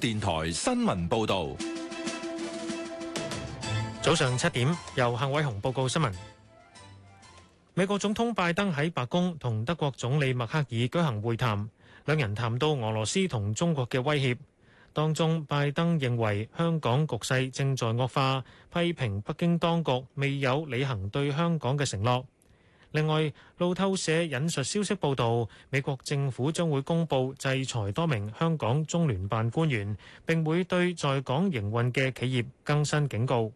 電台新聞報道：早上七點，由幸偉雄報告新聞。美國總統拜登喺白宮同德國總理默克爾舉行會談，兩人談到俄羅斯同中國嘅威脅。當中，拜登認為香港局勢正在惡化，批評北京當局未有履行對香港嘅承諾。另外，路透社引述消息報道，美國政府將會公布制裁多名香港中聯辦官員，並會對在港營運嘅企業更新警告。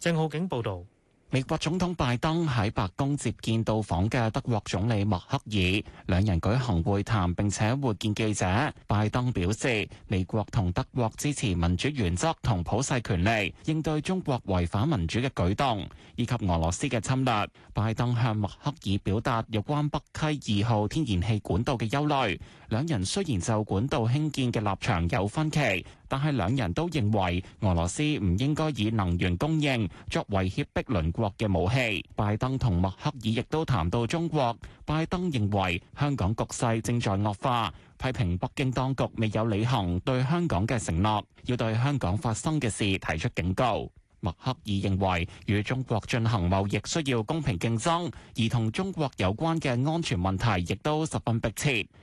鄭浩景報道。美國總統拜登喺白宮接見到訪嘅德國總理默克爾，兩人舉行會談並且會見記者。拜登表示，美國同德國支持民主原則同普世權利，應對中國違反民主嘅舉動，以及俄羅斯嘅侵略。拜登向默克爾表達有關北溪二號天然氣管道嘅憂慮。兩人雖然就管道興建嘅立場有分歧，但係兩人都認為俄羅斯唔應該以能源供應作為脅迫鄰國嘅武器。拜登同默克爾亦都談到中國。拜登認為香港局勢正在惡化，批評北京當局未有履行對香港嘅承諾，要對香港發生嘅事提出警告。默克爾認為與中國進行貿易需要公平競爭，而同中國有關嘅安全問題亦都十分迫切。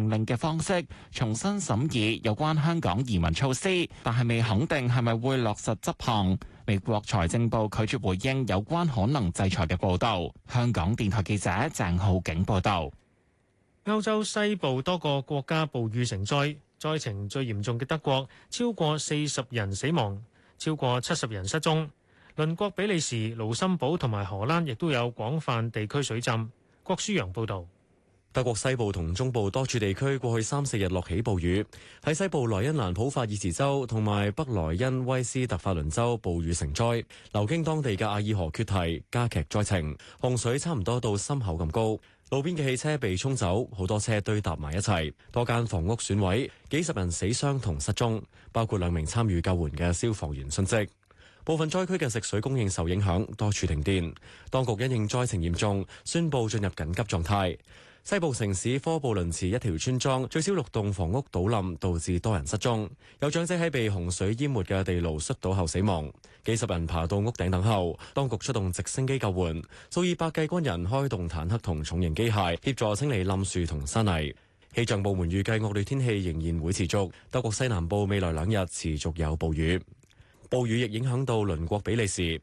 命令嘅方式重新審議有關香港移民措施，但係未肯定係咪會落實執行。美國財政部拒絕回應有關可能制裁嘅報道。香港電台記者鄭浩景報道。歐洲西部多個國家暴雨成災，災情最嚴重嘅德國超過四十人死亡，超過七十人失蹤。鄰國比利時、盧森堡同埋荷蘭亦都有廣泛地區水浸。郭書陽報道。德國西部同中部多處地區過去三四日落起暴雨，喺西部萊茵蘭普法爾茨州同埋北萊茵威斯特法倫州，暴雨成災，流經當地嘅阿爾河缺堤，加劇災情，洪水差唔多到心口咁高，路邊嘅汽車被沖走，好多車堆搭埋一齊，多間房屋損毀，幾十人死傷同失蹤，包括兩名參與救援嘅消防員殉職。部分災區嘅食水供應受影響，多處停電。當局因應災情嚴重，宣布進入緊急狀態。西部城市科布倫茨一條村莊最少六棟房屋倒冧，導致多人失蹤。有長者喺被洪水淹沒嘅地牢摔倒後死亡。幾十人爬到屋頂等候，當局出動直升機救援。數以百計軍人開動坦克同重型機械協助清理冧樹同山泥。氣象部門預計惡劣天氣仍然會持續，德國西南部未來兩日持續有暴雨。暴雨亦影響到鄰國比利時。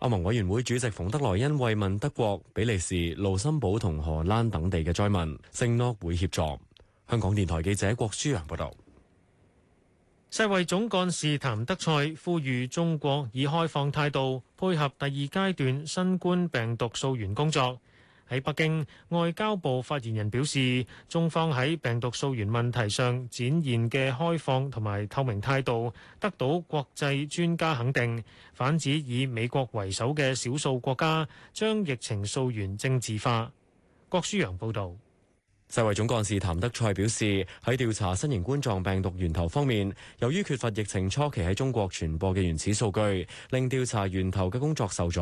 歐盟委員會主席馮德萊恩慰問德國、比利時、盧森堡同荷蘭等地嘅災民，承諾會協助。香港電台記者郭舒揚報道。世衛總幹事譚德賽呼籲中國以開放態度配合第二階段新冠病毒溯源工作。喺北京，外交部發言人表示，中方喺病毒溯源問題上展現嘅開放同埋透明態度，得到國際專家肯定，反指以美國為首嘅少數國家將疫情溯源政治化。郭舒陽報道。世衛總幹事譚德塞表示，喺調查新型冠狀病毒源頭方面，由於缺乏疫情初期喺中國傳播嘅原始數據，令調查源頭嘅工作受阻。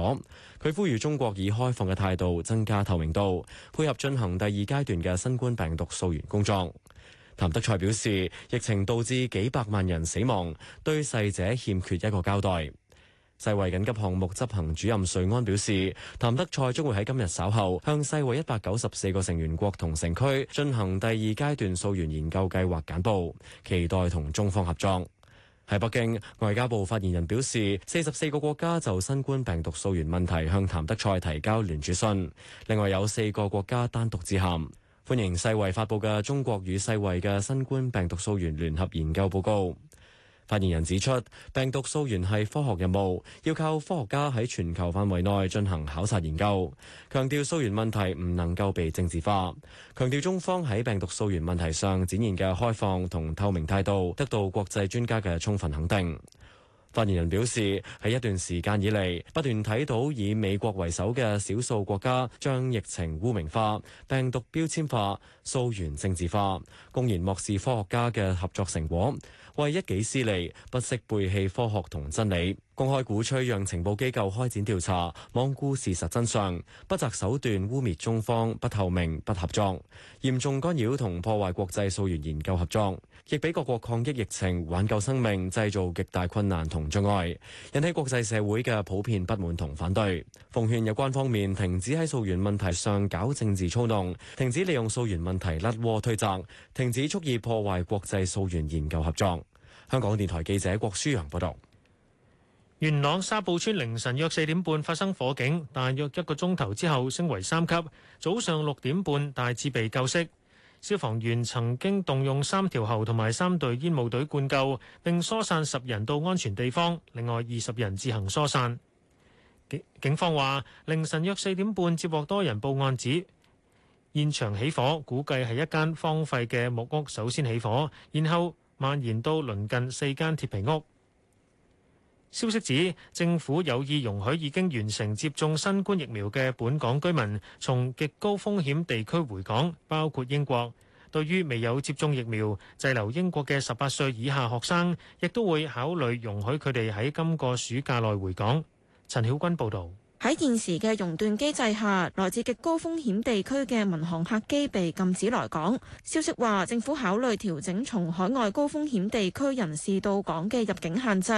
佢呼籲中國以開放嘅態度增加透明度，配合進行第二階段嘅新冠病毒溯源工作。譚德塞表示，疫情導致幾百萬人死亡，對逝者欠缺一個交代。世衛緊急項目執行主任瑞安表示，譚德塞將會喺今日稍後向世衛一百九十四個成員國同城區進行第二階段溯源研究計劃簡報，期待同中方合作。喺北京，外交部發言人表示，四十四個國家就新冠病毒溯源問題向譚德塞提交聯署信，另外有四個國家單獨致函，歡迎世衛發布嘅中國與世衛嘅新冠病毒溯源聯合研究報告。發言人指出，病毒溯源係科學任務，要靠科學家喺全球範圍內進行考察研究。強調溯源問題唔能夠被政治化。強調中方喺病毒溯源問題上展現嘅開放同透明態度，得到國際專家嘅充分肯定。發言人表示，喺一段時間以嚟，不斷睇到以美國為首嘅少數國家將疫情污名化、病毒標籤化、溯源政治化，公然漠視科學家嘅合作成果，為一己私利，不惜背棄科學同真理。公開鼓吹讓情報機構開展調查，罔顧事實真相，不擇手段污蔑中方，不透明、不合作，嚴重干擾同破壞國際溯源研究合作，亦俾各國抗擊疫情，挽救生命，製造極大困難同障礙，引起國際社會嘅普遍不滿同反對。奉勸有關方面停止喺溯源問題上搞政治操弄，停止利用溯源問題甩鍋推責，停止蓄意破壞國際溯源研究合作。香港電台記者郭舒陽報道。元朗沙埔村凌晨約四點半發生火警，大約一個鐘頭之後升為三級。早上六點半大致被救熄。消防員曾經動用三條喉同埋三隊煙霧隊灌救，並疏散十人到安全地方，另外二十人自行疏散。警方話凌晨約四點半接獲多人報案指現場起火，估計係一間荒廢嘅木屋首先起火，然後蔓延到鄰近四間鐵皮屋。消息指，政府有意容許已經完成接種新冠疫苗嘅本港居民從極高風險地區回港，包括英國，對於未有接種疫苗、滯留英國嘅十八歲以下學生，亦都會考慮容許佢哋喺今個暑假內回港。陳曉君報道。喺現時嘅熔斷機制下，來自極高風險地區嘅民航客機被禁止來港。消息話，政府考慮調整從海外高風險地區人士到港嘅入境限制，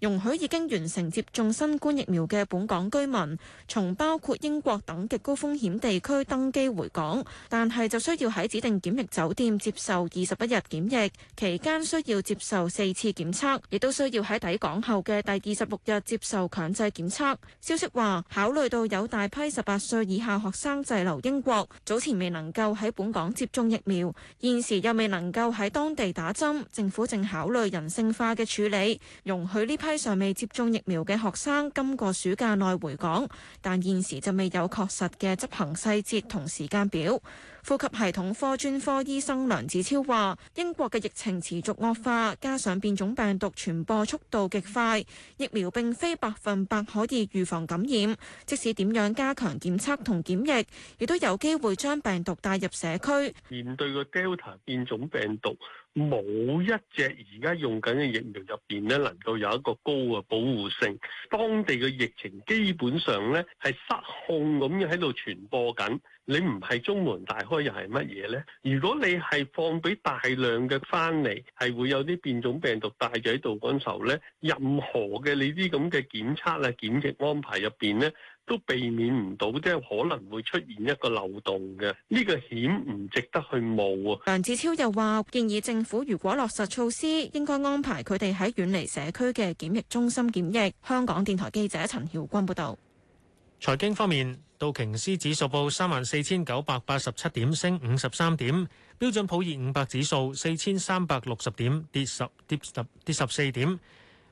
容許已經完成接種新冠疫苗嘅本港居民從包括英國等極高風險地區登機回港，但係就需要喺指定檢疫酒店接受二十一日檢疫，期間需要接受四次檢測，亦都需要喺抵港後嘅第二十六日接受強制檢測。消息話，考慮到有大批十八歲以下學生滯留英國，早前未能夠喺本港接種疫苗，現時又未能夠喺當地打針，政府正考慮人性化嘅處理，容許呢批尚未接種疫苗嘅學生今個暑假內回港，但現時就未有確實嘅執行細節同時間表。呼吸系統科專科醫生梁子超話，英國嘅疫情持續惡化，加上變種病毒傳播速度極快，疫苗並非百分百可以預防感染，即使點樣加強檢測同檢疫，亦都有機會將病毒帶入社區。面對個 Delta 變種病毒，冇一隻而家用緊嘅疫苗入邊咧，能夠有一個高嘅保護性。當地嘅疫情基本上咧係失控咁樣喺度傳播緊。你唔係中門大開，又係乜嘢咧？如果你係放俾大量嘅翻嚟，係會有啲變種病毒帶住喺度嗰陣時候咧，任何嘅你啲咁嘅檢測啊、檢疫安排入邊咧，都避免唔到，即係可能會出現一個漏洞嘅，呢個險唔值得去冒啊！梁志超又話建議政府如果落實措施，應該安排佢哋喺遠離社區嘅檢疫中心檢疫。香港電台記者陳曉君報道。財經方面，道瓊斯指數報三萬四千九百八十七點，升五十三點，標準普爾五百指數四千三百六十點，跌十跌十跌十四點。跌 10, 跌 10, 跌 10, 跌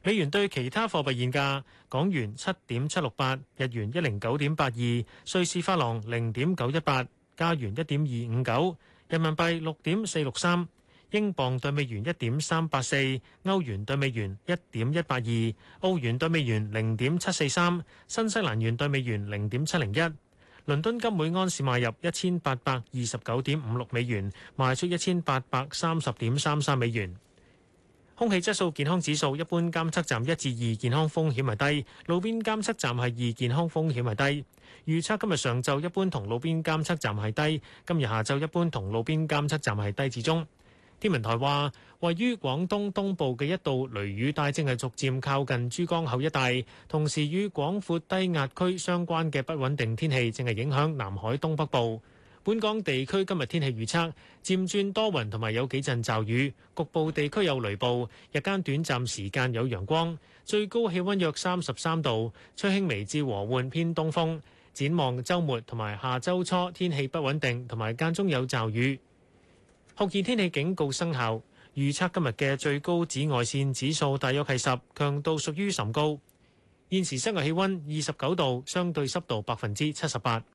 美元兌其他貨幣現價：港元七點七六八，日元一零九點八二，瑞士法郎零點九一八，加元一點二五九，人民幣六點四六三，英鎊對美元一點三八四，歐元對美元一點一八二，澳元對美元零點七四三，新西蘭元對美元零點七零一。倫敦金每安士賣入一千八百二十九點五六美元，賣出一千八百三十點三三美元。空氣質素健康指數一般監測站一至二，健康風險係低，路邊監測站係二，健康風險係低。預測今日上晝一般同路邊監測站係低，今日下晝一般同路邊監測站係低至中。天文台話，位於廣東東部嘅一道雷雨帶正係逐漸靠近珠江口一帶，同時與廣闊低壓區相關嘅不穩定天氣正係影響南海東北部。本港地區今日天氣預測，漸轉多雲同埋有幾陣驟雨，局部地區有雷暴。日間短暫時間有陽光，最高氣溫約三十三度，吹輕微至和緩偏東風。展望周末同埋下周初，天氣不穩定，同埋間中有驟雨。酷熱天氣警告生效，預測今日嘅最高紫外線指數大約係十，強度屬於甚高。現時室外氣溫二十九度，相對濕度百分之七十八。